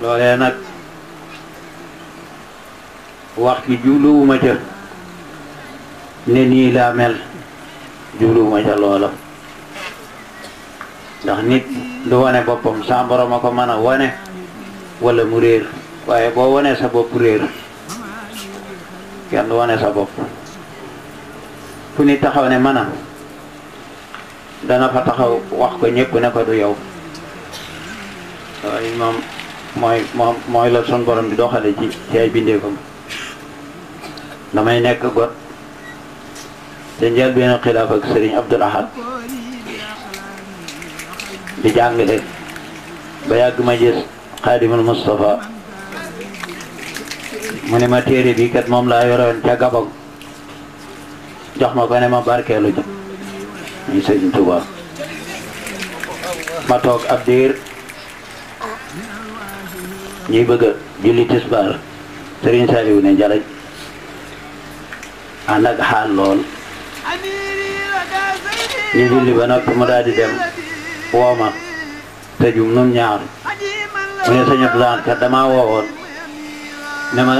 loolee nag wax ci jubluwuma ca ne nii laa mel jubluwuma ca loola ndax nit du wane boppam sa borom a ko mën a wone wala mu réer waaye boo wane sa bopp réer kenn du wone sa bopp fu ni taxaw ne mën a dana fa taxaw wax ko ñëpp ne ko du yow waaye moom mooy moom mooy la sun borom bi doxale ci ci ay bindeefam damay nekk got te njël benn xilaaf ak sëriñ Abdul Ahad di jàngale ba yàgg ma gis xaadimul Moustapha mu ne ma téere bi moom laa yoroon ca Gabon jox ma ko ne ma barkeelu ji ñu sëriñ ma toog ab diir ñuy bëgg a julli tisbaar Serigne Saliou ne njarañ ànd xaal lool ñu julli ba noppi mu daal di dem wooma te jum nun ñaar mu ne sëñ Abdoulaye kat damaa woowoon ne ma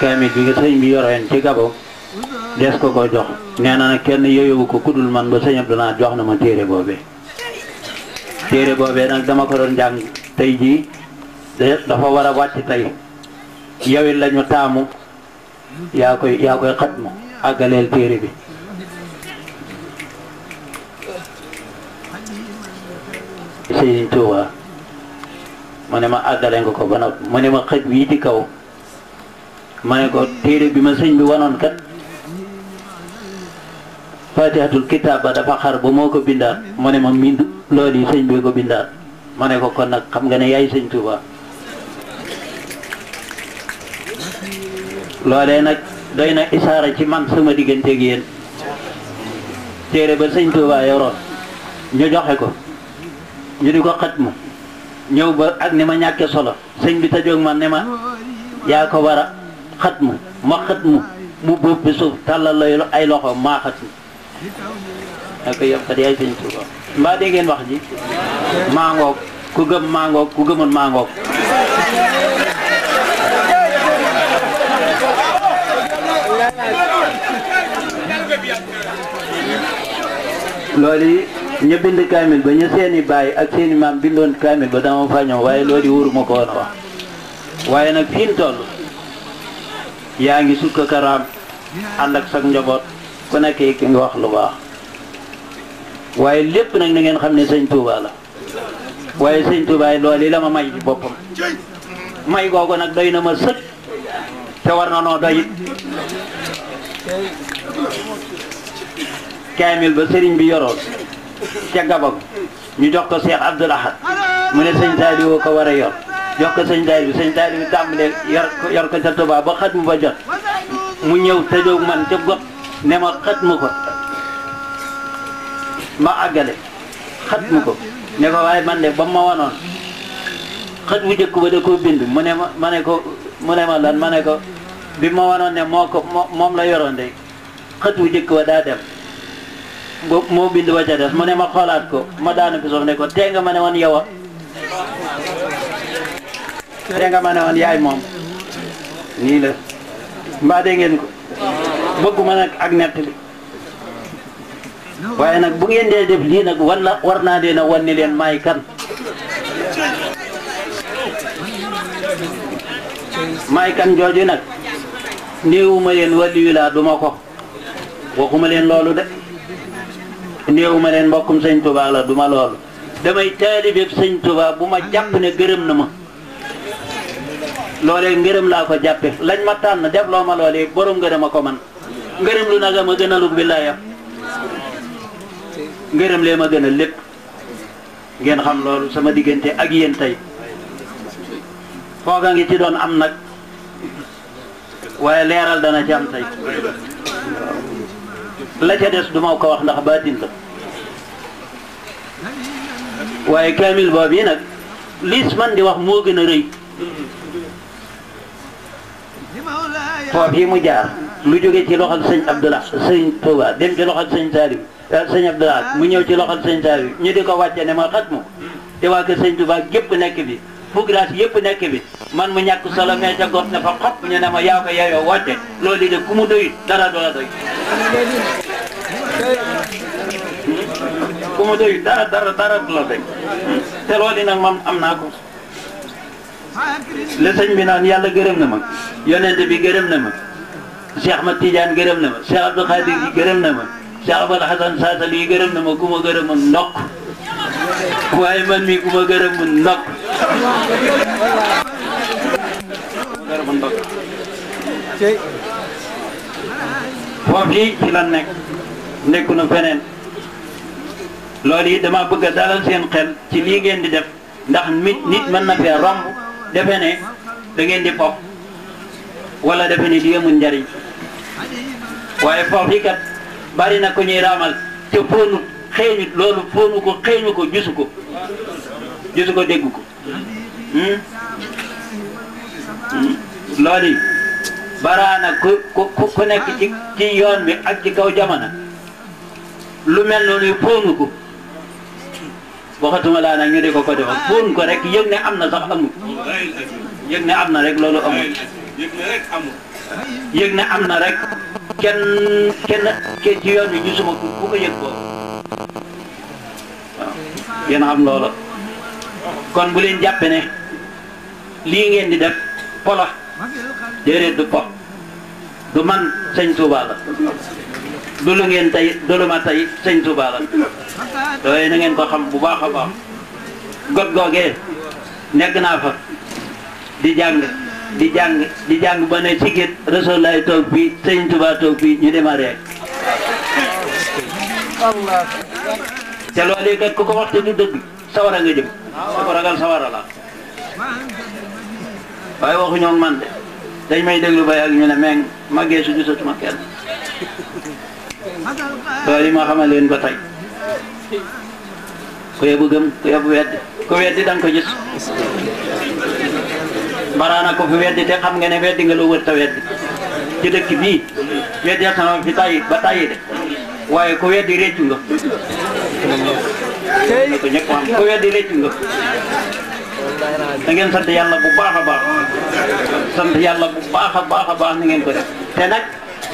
kaamil bi nga sëñ bi yoreen ci gabo des ko ko jox nee na nag kenn yooyu ko kudul man ba sëñ Abdoulaye jox na ma téere boobee téere boobee nag dama ko doon jàng tey jii dafa war a wàcc tey yow it la ñu taamu yaa koy yaa koy xatmu àggaleel téere bi Sëriñ Tuuba mu ne ma àggale nga ko ba noppi mu ne ma xëj wii ci kaw ma ne ko téere bi ma sëñ bi wanoon kat fatihatul kitaab ba dafa xar ba moo ko bindaat mu ne ma miin loolu sëñ bi ko bindaat ma ne ko kon nag xam nga ne yaay Sëñ Tuuba loolee nag doy na isaara ci man sama diggante yéen téere ba sëñ Tuubaa yoroon ñu joxe ko ñu di ko xat mu ñëw ba ak ni ma ñàkke solo sëñ bi jóg ma ne ma yaa ko wara a xat mu ma xat mu mu bóob tàllal la ay loxo maa xat mu daa ko yom kat yaay sëñ Tuubaa mbaa dégg ngeen wax ji maa ku gëm maa ku gëmoon màngook loolu ñu bind kaamil ba ñu seeni baay ak seeni maam bindoon kaamil ba dama fa waaye loolu wóoruma ko woon a wax waaye nag fi ñu toll yaa ngi sukk karaam ànd ak sag njaboot ku nekkee ki nga wax lu baax waaye lépp nag na ngeen xam ne sëñ Touba la waaye sëñ Touba loolu la ma may boppam may googu nag doy na ma sëkk te war na noo doy kaamil ba sëriñ bi yoroon ca gabam ñu jox ko Cheikh Abdoul Ahad mu ne sëñ Saliou ko war a yor jox ko sëñ Saliou sëñ Saliou tàmbalee yor yor ko ca Tuubaa ba xat mu ba jot mu ñëw tëjoog man ca got ne ma xat mu ko ma àggale xat mu ko ne ko waaye man de ba ma wanoon xët bu njëkk ba da koo bind mu ne ma ko mu ne ma lan ma ne ko bi ma wanoon ne moom la yoroon de xët bu ba daa dem moo bind ba ca des mu ne ma xoolaat ko ma daanu bi suuf ne ko tee nga ma ne woon yow nga ma ne woon yaay moom nii la mbaa dee ngeen ko bëgguma nag ak net bi waaye nag bu ngeen dee def lii nag war na war naa leen a wan ni leen maay kan maay kan jooju nag néewuma leen waliyu laa duma ko waxuma leen loolu de néewuma leen mbokkum sëñ Touba la duma loolu damay taalibeeb sëñ Touba bu ma jàpp ne gërëm na ma loole ngërëm laa ko jàppe lañ ma tànn def loo ma loolee boroom ngërëm a ko man ngërëm lu naga ma gën a lug billaayam ngërëm lee ma gën a lépp ngeen xam loolu sama diggante ak yéen tey fooga ngi ci doon am nag waaye leeral dana ci am tey la ca des du ma ko wax ndax baatin waaye kaamil boobu yi nag liis man di wax moo gën a rëy foofu yi mu jaar lu jóge ci loxol sëñ Abdoulah sëñ Touba dem ci loxol sëñ Salim eh, sëñ Abdoulah mu ñëw ci loxol sëñ Salim ñu di ko wàcce ne ma xat mu te waa kër sëñ Touba gépp nekk bi fugraas yëpp nekk bi man mu ñàkk solo mais ca got na fa xop ñu ne ma yaa ko yaayoo woote loolu de ku mu doyut dara du doy ku ma doy dara dara dara du la nag man am naa ko le bi naan yàlla gërëm na ma yonente bi gërëm na ma Cheikh Ahmad Tidiane gërëm na ma Cheikh Abdou Khadir yi gërëm na ma Cheikh Abal Hasan Saasal yi gërëm na ma ku ma gërëm ndokk waaye man mii ku ma gërëm ndokk gërëm ndokk foofu yi ci lan nekk nekku na feneen loolu yi dama bëgg a dalal seen xel ci lii ngeen di def ndax nit nit mën na fee romb defe ne da di fof wala defe ne di yëmul njariñ waaye foof yi kat na ko ñuy ramal te foonu xeeñu loolu foonu ko xeeñu ko gisu ko gisu ko dégg ko hmm? Hmm? loolu yi baraana ku ku ku nekk ci ci yoon bi ak ci kaw jamono lu mel noonu yu poonu waxatuma laa nag ñu di ko ko defal poon rek yëg ne am na sax amul yëg ne am na rek loolu amul am na rek kenn kenn ke ci yoon bi gisuma ku ku ko yëg boobu waaw yéen xam kon bu leen jàppe ne lii ngeen di def pola déedéet du po du man sëñ Tuubaa dulu la tay dulu du la tu tey sëñ Touba la ko xam bu baakha ba god goge nek na fa di jang di jang di jang ba ne sikit rasulullah lay toog bi tu ba toog bi ñu démarré Allah, loolee kat ku ko wax te du deug sawara nga jëm da ko ragal sawara la waxu waxuñoo man de dañ may deglu bay ak ñu ne meng magge su gisatuma kenn loolu moo xamal leen ba tey ku yóbbu gëm ku yóbbu weddi ku weddi da ko gis baraana ko fi weddi te xam nga ne weddi nga loo wër ta weddi ci dëkk bii weddi sama fi tay ba tay de waaye ku weddi réccu nga ko ñëpp xam ku weddi réccu nga da ngeen sant yàlla bu baax a baax sant yàlla bu baax a baax a baax na ngeen ko def te nag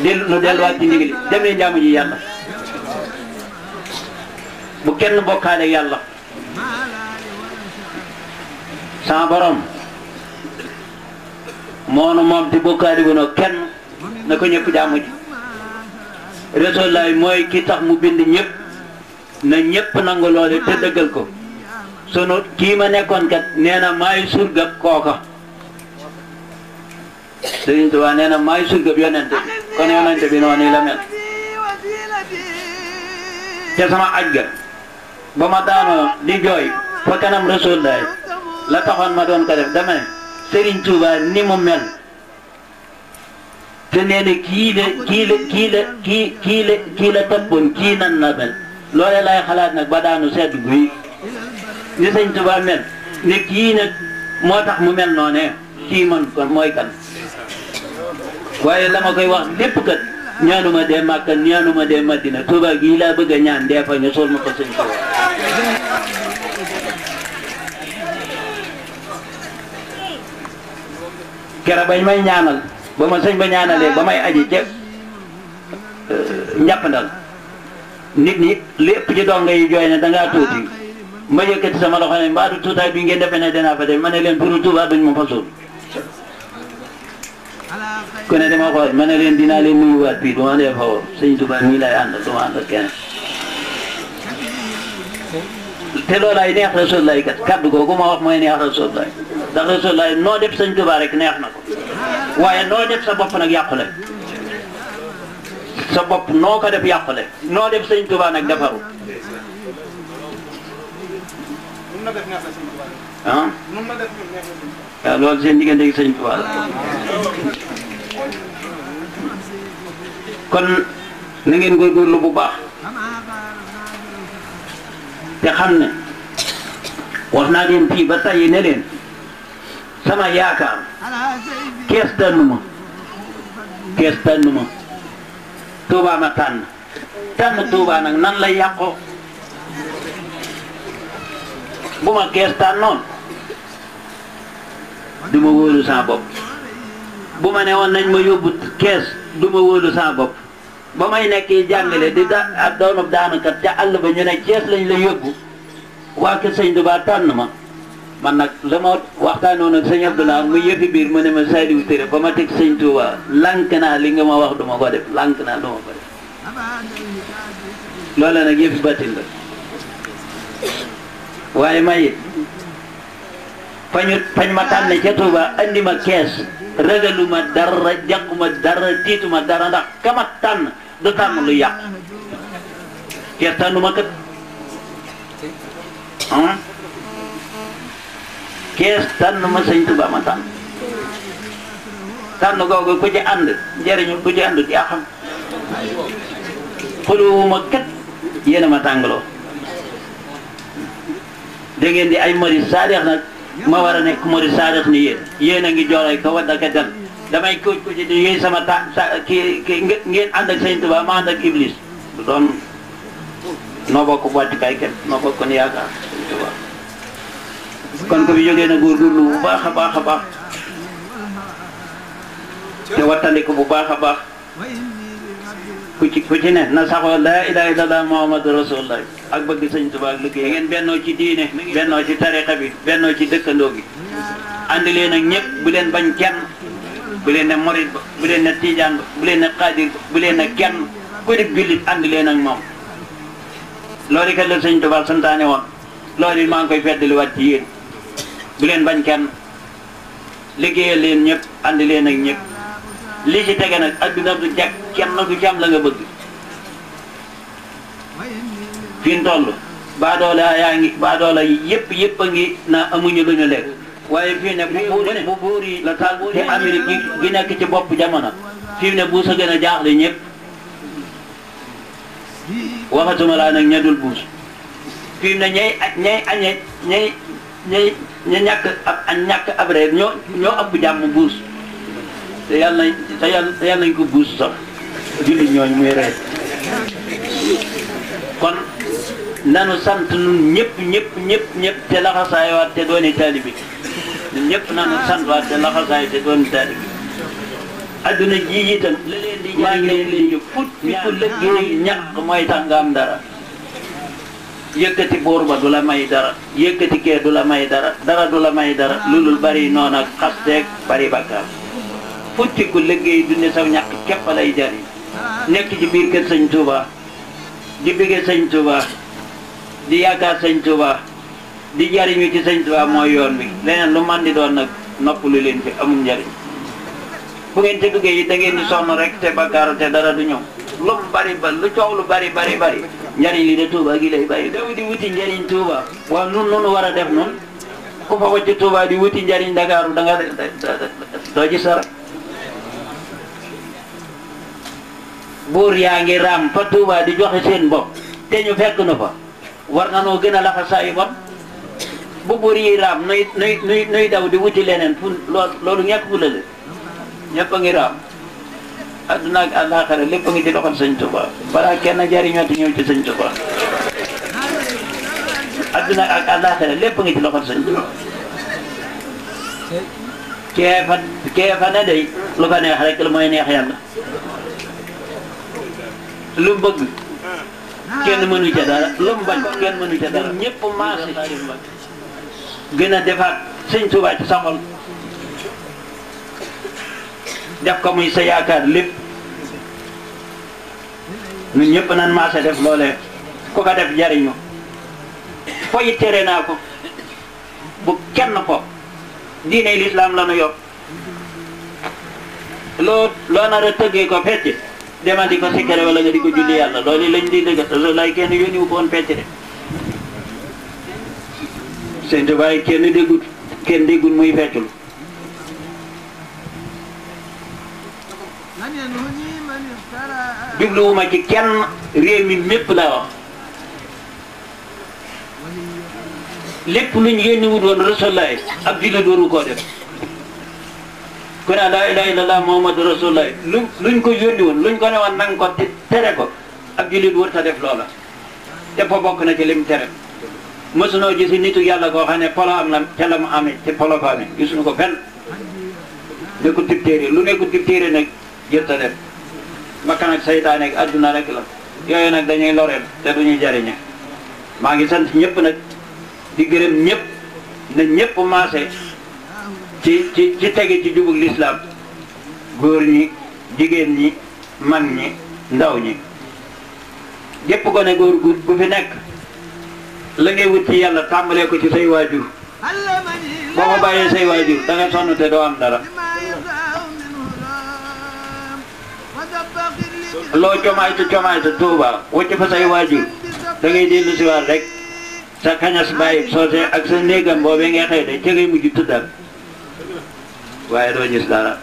dellu nu delluwaat ci ndigal dem leen ji yàlla bu kenn bokkaale yàlla sama borom moonu moom te bokkaale wunoo kenn na ko ñëpp jàmm ji Rasulullah mooy kii tax mu bind ñépp na ñëpp nangu loole te dëggal ko sunu kii ma nekkoon kat nee na maay surgab kooka Sëriñ Tuubaa nee na maay surgab yonente bi kon yonent bi noonu la mel ca sama aj ga ba ma daanoo di jooy fa kanam Rasulullah la taxoon ma doon ko def dama ne ni mu mel te nee kii la kii la kii la kii kii kii la kii nan la mel loolee lay xalaat nag ba daanu sedd guy ni Sëñ Touba mel ne kii nag moo tax mu mel noonee kii man kon mooy waaye la ma koy wax lépp kat ñaanuma dee Màkka ñaanuma dee Madina Tuuba gii laa bëgg ñaan dee fa ña sol ma ko sëñ Tuuba kera bañ may ñaanal ba ma sëñ ba ñaanalee ba may aji ca euh, njàppandal nit ñi lépp ci donga yi jooy na dangaa tuuti ma yëkkati sama loxo ne mbaadu tuutaay bi ngeen defee ne danaa fa dem ma ne leen pour Tuuba duñ ma fa ku ne dama xool ma ne leen dinaa leen nuyuwaat bii du ma dee xaw sëñ Tuubaa mii lay àndal du ma ànd ak keneen te loolaay neex Rasulullaay kat kaddu googu ma wax mooy neex Rasulullaay ndax Rasulullaay noo def sëñ Tuubaa rek neex na ko waaye noo def sa bopp nag yàqule sa bopp noo ko def yàqule noo def sëñ Tuubaa nag defaru ah waaw loolu seen diggante ak sëñ Tuubaa la kon na ngeen góorgóorlu bu baax te xam ne wax naa leen fii ba tey ne leen sama yaakaar kees tànnu ma kees tànnu ma Touba ma tànn tànn Touba nag nan la yàqoo bu ma kees tànnoon du ma wóolu sa bopp. bu ma nee woon nañ ma yóbbu kees du ma wóolu sama bopp ba may nekk jàngale di da ak doonub daanakat ca àll ba ñu ne kees lañ la yóbbu waa kër sëñ Tuubaa tànn ma man nag la ma waxtaanoon ak sëñ Abdoulaye mu yëfi biir mu ne ma Saliou Touré ba ma teg sëñ Tuubaa lànk naa li nga ma wax du ma ko def lànk naa du ma ko yëfi batin la waaye may fañu fañ ma tànn ca Tuubaa andi ma kees ragalu ma dara jàquma dara tiituma dara ndax kama tànn du tànn lu yàq ker tànnuma kat ah kees tànn ma sëñ Tuba ma tànn tànn googu ku ci ànd njëriñu ku ci àndut yaa xam xuluwuma kat yéen ma tàngaloo ngeen di ay mari ma war a nekk murid saadiq ni yéen yéen a ngi joolay ko wadda ka dem damay kuuc kuuc di yéen sama ta sa ki ki ngeen ànd ak Sëñ Tuubaa ma ànd ak Iblis du doon noo bokk wàccukaay kenn noo bokk kon yaakaar kon ko fi jógee na góorgóorlu bu baax a baax a baax te wattandiku bu baax a baax ku ci ku ci ne na saxoo laa ilaaha illallaah muhammadu rasulullah ak bëgg sëñ Tuubaa ak liggéey ngeen bennoo ci diine bennoo ci tariqa bi bennoo ci dëkkandoo gi ànd leen ak ñëpp bu leen bañ kenn bu leen ne morit ba bu leen ne tijaan bu leen ne xaadir bu leen ne kenn ku dib jullit ànd leen ak moom loolu kat la sëñ Tuubaa santaane woon loolu maa ngi koy feddaliwaat ci yéen bu leen bañ kenn liggéeya leen ñëpp àndi leen ak ñëpp lii ci tege nag adduna du jag kenn du jam la nga bëgg fi mu toll baadoola yaa ngi baadoola yëpp yëpp a ngi na amuñu lu ñu lekk waaye fii ne bu buur bu buur yi la taal te Amérique gi gi nekk ci bopp jamono fii ne buus a gën a jaaxle ñëpp waxatuma laa nag ña dul buus fii ne ñay ñay añe ñay ñay ña ñàkk ab ñàkk ab reer ñoo ñoo ëpp jàmm buus te yàlla nañ te yàlla te yàlla nañ ko buus sol julli ñooñu muy rey kon nanu sant nun ñëpp ñëpp ñëpp ñëpp te laxasaay waat te dooni taalibi ñun ñëpp nanu sant waat te laxasaay te dooni taalibi adduna jii itam maa ngi leen di fut mi ku lëggéey mooy tax dara yëkkati buur ba du la may dara yëkkati kee du la may dara dara du la may dara lu dul bari noonu ak xasteeg bari bakkaar futtiku liggéey dunde saw ñàkk képp lay jariñ nekk ci biir kër sëñ Touba di bëgge sëñ Touba di yaakaar sëñ Touba di jariñu ci sëñ Touba mooy yoon bi leneen lu man doon nag nopp lu leen fi amul njariñ bu ngeen ci duggee yi da ngeen di sonn rek te bakkaaru te dara du ñëw lu bari ba lu coow lu bari bari bari njariñ li de Touba gi lay bari di wuti njariñ Touba waaw nun nunu war def nun ku fa wacc Touba di wuti njariñ Ndakaaru da nga doo buur yaa ngi raam fa Touba di joxe seen bopp te ñu fekk na fa war na noo gën a laxa saa yu bon bu buur yi raam nuy nuy nuy daw di wuti leneen fu loolu ñàkk fu la la ñëpp a ngi raam adduna ak àllaaxira lépp a ngi balaa kenn jariñoo ti ñëw ci sëñ Touba adduna ak àllaaxira lépp a ngi ci loxol sëñ Touba kee fa kee fa lu ko neex rek la mooy neex yàlla lu mu bëgg kenn mënu ca dara lu mu bañ kenn mënu ca dara ñëpp maase gën a defaat sëñ Tuubaa sa xol def ko muy sa yaakaar lépp ñun ñëpp nan maase def loolee ko ko def jariñu foy tere naa ko bu kenn ko diine lislaam la nu yor loo loo nar a tëggee ko fecc demal di ko sikkare wala nga di ko julli yàlla loolu lañ di dëgg Rasulullah kenn yónni wu ko woon fecc de seen tubaay kenn déggut kenn déggut muy feccul jubluwuma ci kenn réew mi mépp laa wax lépp luñ yónni wut woon Rasulullah ab jullit waru koo def ku ne laa ilaaha illallaah muhammadu rasulullaah luñ luñ ko yónni woon lu ñu ko ne woon nang ko tere ko ab jullit wër ta def loola te po bokk na ci lim tere mësunoo gisi nitu yàlla koo xam ne polo am na te la mu amee te polo ko amee gisuñu ko fenn nekku tib téere lu nekku tib téere nag jër ta def bakkan ak saytaane ak rek la yooyu nag dañuy loreel te duñuy jariñe maa ngi sant ñëpp nag di gërëm ñëpp na ñëpp maase ci ci ci tege ci jubug lislaam góor ñi jigéen ñi mag ñi ndaw ñi gépp gone góor gu bu fi nekk la ngay wut ci yàlla tàmbalee ko ci say waajur boo ko bàyyee say waajur da nga sonn te doo am dara loo comaay te comaay te tuuba wacc fa say waajur da ngay dellu si waat rek sa kañas bàyyi soose ak sa néegam boobee ngay xëy de ca ngay mujj tëddal waaye doo gis dara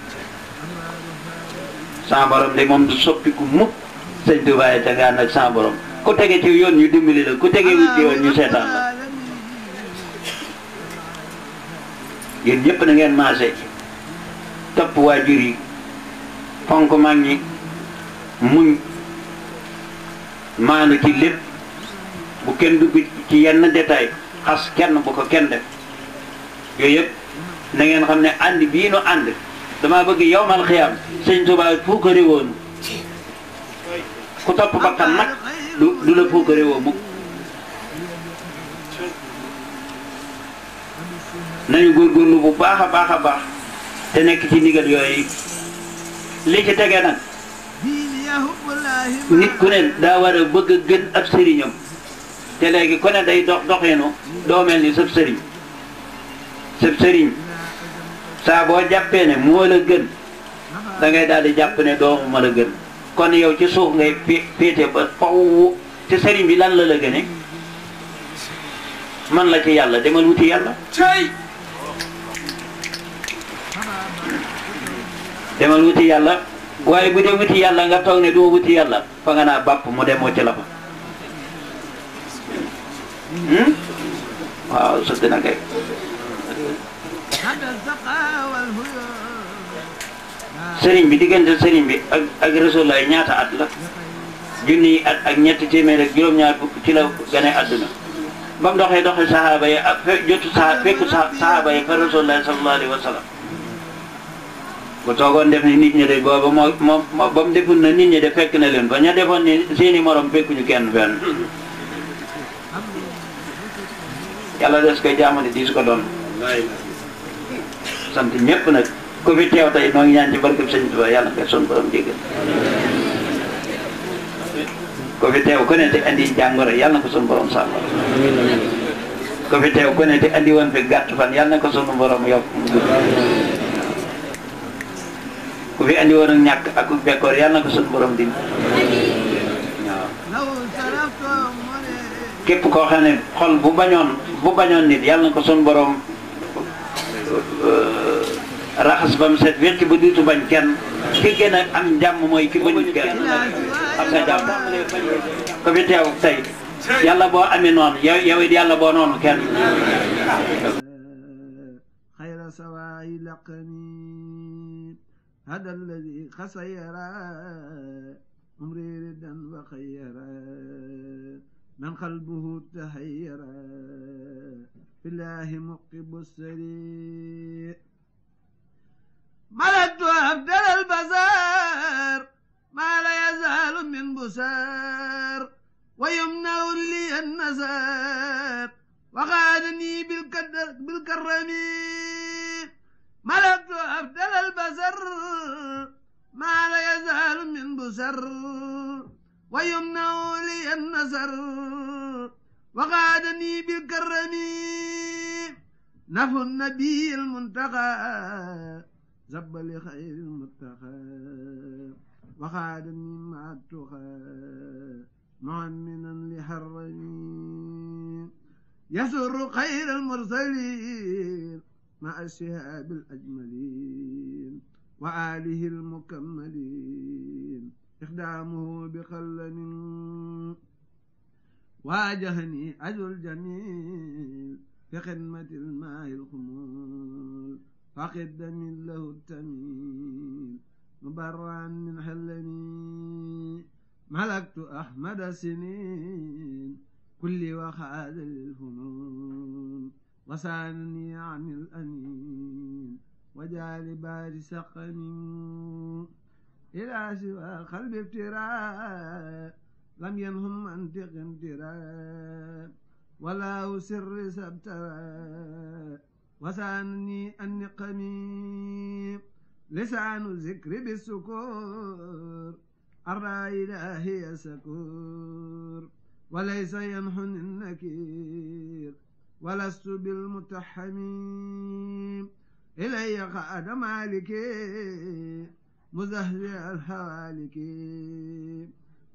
sans borom de moom du soppiku mukk sëñ Tuubaa yi dangaa nag sans ku tege ci yoon ñu dimbali la ku tege wut ci ñu seetaan la yéen ñëpp na ngeen maase topp waajur yi fonk mag ñi muñ maanu ci lépp bu kenn dugg ci yenn détail xas kenn bu ko kenn def yooyu yëpp na ngeen xam ne ànd bii nu ànd damaa bëgg yowmal xiyaam sëñ Tuubaa puukare woon ku topp bakkan nag du du la puukare woo mukk nañu góorgóorlu bu baax a baax a baax te nekk ci ndigal yooyu li ci tege nag nit ku ne daa war a bëgg a gën ab sëriñam te léegi ku ne day dox doxeenu doo mel ni sëb sëriñ sëb sëriñ saa boo jàppee ne moo la gën da daal di jàpp ne doomu ma la gën kon yow ci suuf ngay féete ba faw te sëriñ bi lan la la gëne man la ci yàlla demal wuti yàlla demal wuti yàlla waaye bu dee wuti yàlla nga toog ne duma wuti yàlla fa nga naa bàpp mu demoo ci la fa hmm? waaw sëdd na kay sëriñ bi diggante sëriñ bi ak ak Rasulullah ñaata at la junni at ak ñetti téeméer ak juróom-ñaar fukk ci la gane àdduna ba mu doxee doxee saxaaba yi ak fe jotu saxaaba yi fa Rasulullah sallallahu wa sallam bu toogoon def ni nit ñi de booba moo moom ba mu na nit ñi de fekk na leen ba ña defoon ni seeni morom fekkuñu kenn fenn yàlla des koy jaamane di su ko doon sant ñëpp nag ku fi teew tey noo ngi ñaan ci barkeb sëñ Tuubaa yàlla nga sun borom jégal ku fi teew ku andi jàngoro yàlla na ko sun borom sàmm ku fi teew ku ne andi woon fi gàtt fan yàlla na ko sun borom yokk ku andi xol bu bu nit ko sun borom raxas ba mu set wécc ba duutu bañ kenn ki gën a am jàmm mooy ki bañu kenn am nga jàmm ko fi teew tey yàlla boo amee noonu yow yow it yàlla boo noonu kenn xayra sawaayi laqani hada alladi xasayara umri ridan wa xayara man qalbuhu tahayyara billahi muqib السرير بلدت أبدل البزار ما لا يزال من بسار ويمنع لي النزار وغادني بالكرم ملكت أبدل البزر ما لا يزال من بسر ويمنع لي النزر وغادني بالكرم نفو النبي المنتقى زب لخير المتخى وخادم مع التخى مؤمنا لحرمي يسر خير المرسلين مع الشهاب الأجملين وآله المكملين إخدامه بقلن واجهني أجر الجميل في خدمة الماء الخمول فقد من له التميل مبرعا من حلمي ملكت أحمد سنين كل وخاذ الفنون وسالني عن الأنين وجعل بار سقمي إلى سوى قلب ابتراء لم ينهم منطق انتراء ولا سر سبتراء وسألني النقمي لسان الذكر بالسكور الرأي إلهي سكور وليس ينحن النكير ولست بالمتحميم إلي قعد مالكي مزهزع الهوالك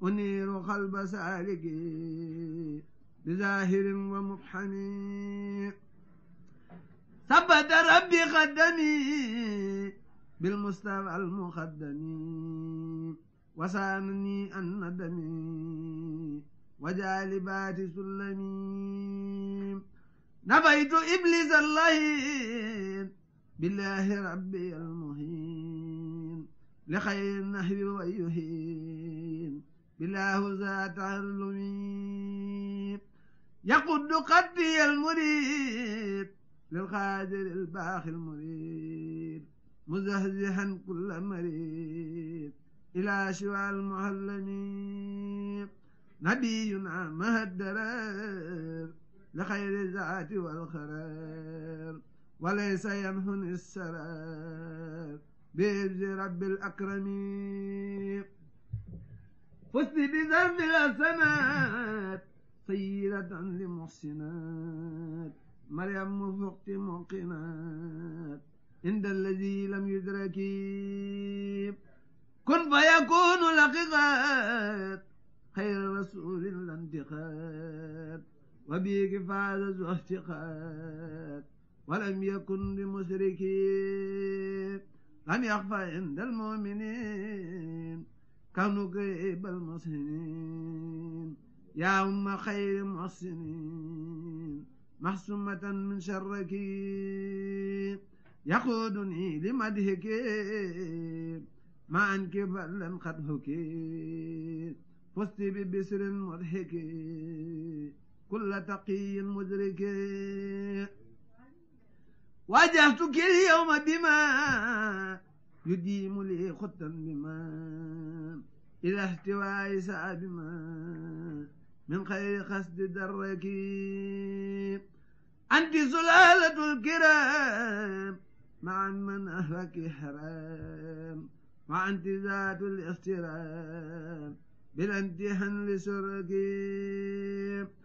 أنير قلب سالك بزاهر ومبحني ثبت ربي خدمي بالمصطفى المقدم وسامني الندم وجالبات سلمي نبيت إبليس الله بالله ربي المهين لخير النحو ويهين بالله ذات علمي يقد قدي المريد للقادر الباخي المريب مزهزها كل مريض إلى شوى نبي نبينا الدرر لخير الذات والخرار وليس ينهن السرار بإذن رب الأكرم فزت بذنب الأسنات سيدة لمحسنات مريم فقت موقنات عند الذي لم يدرك كن فيكون لقيقات خير رسول الانتقاد وبيك فعل واحتقاد ولم يكن لمشركين لم يخفى عند المؤمنين كونوا قريب المحسنين يا أم خير المحسنين محسومة من شرك يقودني لمدهك ما أنك بل قد فزت ببسر مضحك كل تقي مدرك واجهتك اليوم بما يديم لي خطا بما إلى احتواء سابما من خير خسد الركيب أنت سلالة الكرام مع من أهلك حرام وأنت ذات الاحترام بالانتحن لسركيب